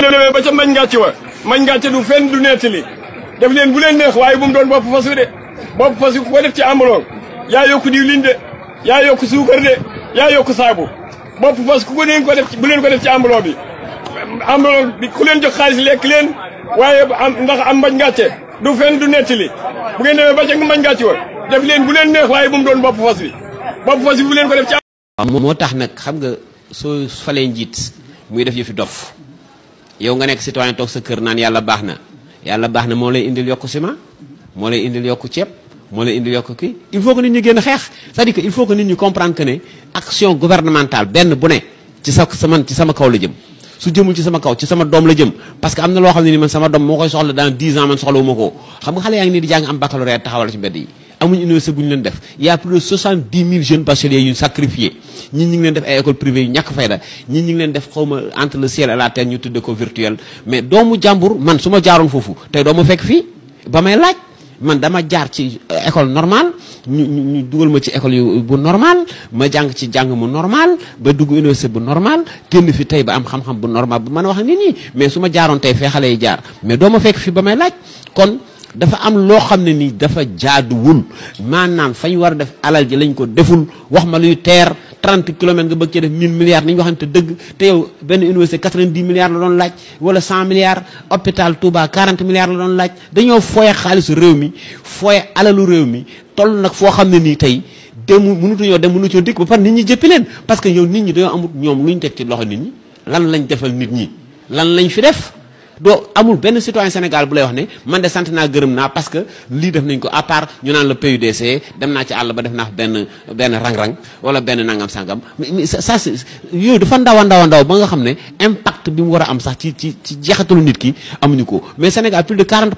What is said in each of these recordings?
demee ba ca mañ ngàcc wa mañ ngàcc du fenn du nettali def leen bu leen neex waaye bu mu doon bopp fas wi de bopp fas wi ku ko def ci ambaloon yaa de yaa yokku suukar de yaa yokku saabu bopp fas ku ko leen ko def bu leen ko def ci ambaloon bi ambaloon bi ku leen jox xaalis lekk leen waaye ndax am mañ ngàcce du fenn du nettali bu ngeen demee ba ca mañ ngàcc wa def leen bu leen neex waaye bu doon bopp fas wi bopp fas bu leen ko def ci moo tax nag xam nga soo falee njiit muy def fi dof yow nga nekk citoyen toog sa kër naan yàlla baax na yàlla baax na moo lay indil yokku ciment moo lay indil yokk ceeb moo lay indil yokku kii il faut que nit ñi génn xeex c'est-à-dire que il faut que nit ñi comprendre que ne action gouvernementale benn bu ne ci sa sama ci sama kaw la jëm su jëmul ci sama kaw ci sama doom la jëm parce que am na loo xam ne ni man sama doom moo koy soxla dans 10 ans man soxla ko xam nga xale yaa ngi nii di jàng am ci mbedd yi Il y a plus de 70 000 jeunes bacheliers sacrifiés. ont sacrifié ñi ñu école privée yu fayda ñi ñu entre le ciel et la terre ñu tudde ko virtuel mais doomu mon man su ma jaaroon foofu tey fekk fii ba may laaj man dama jaar euh, école normale ñu ñu école bu normal ma jàng ci université bu normale fi ba am xam-xam bu normal mais ils ma mais dafa am loo xam ne nii dafa jaaduwul maanaam fañ war a def alal ji lañ ko deful wax ma luy teer 30 kilomètres nga bëgg cee def 1000 milliards ni ñu waxante dëgg te yow benn université 90 milliards la doon laaj wala 100 milliards hôpital Touba 40 milliards la doon laaj dañoo fooye xaalisu réew mi fooye alalu réew mi toll nag foo xam ne nii tey demu mënutuñoo dem mënutuñoo dikk ba pare nit ñi jëppi leen parce que yow nit ñi dañoo amut ñoom lu ñu teg ci loxo nit ñi lan lañ defal nit ñi lan lañ fi def do amul ben citoyen sénégal bu lay wax ne man de sant na gërëm na parce que li def nañ ko à part ñu naan le PUDC dem na ci Allah ba def na ben ben rang-rang wala ben nangam sangam ça du fa ndaw ndaw ndaw ba nga xam impact bi mu wara am sax ci ci ci jeexatalu nit ki amuñu ko mais sénégal plus de 40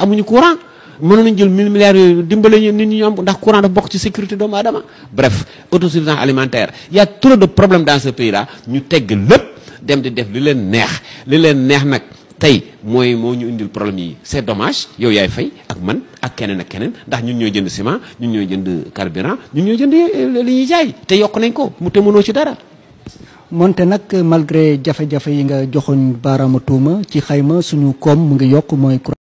amuñu courant mënu ñu jël 1000 milliards yooyu dimbale ñu nit ñi am ndax courant da bok ci sécurité doomu adama bref autosuffisance alimentaire il y a trop de problèmes dans ce pays là ñu tégg lepp dem di def li leen neex li leen neex nak tey mooy moo ñu indil problème yi see domage yow yaay fay ak man ak keneen ak keneen ndax ñu ñooy jënd ciment ñun ñooy jënd carburant ñu ñooy jënd euh, li ñuy jaay te yokk nañ ko mu te mënoo ci dara. moonte nag malgré jafe-jafe yi nga joxoon baaraamu tuuma ci xayma suñu koom mu ngi yokk mooy.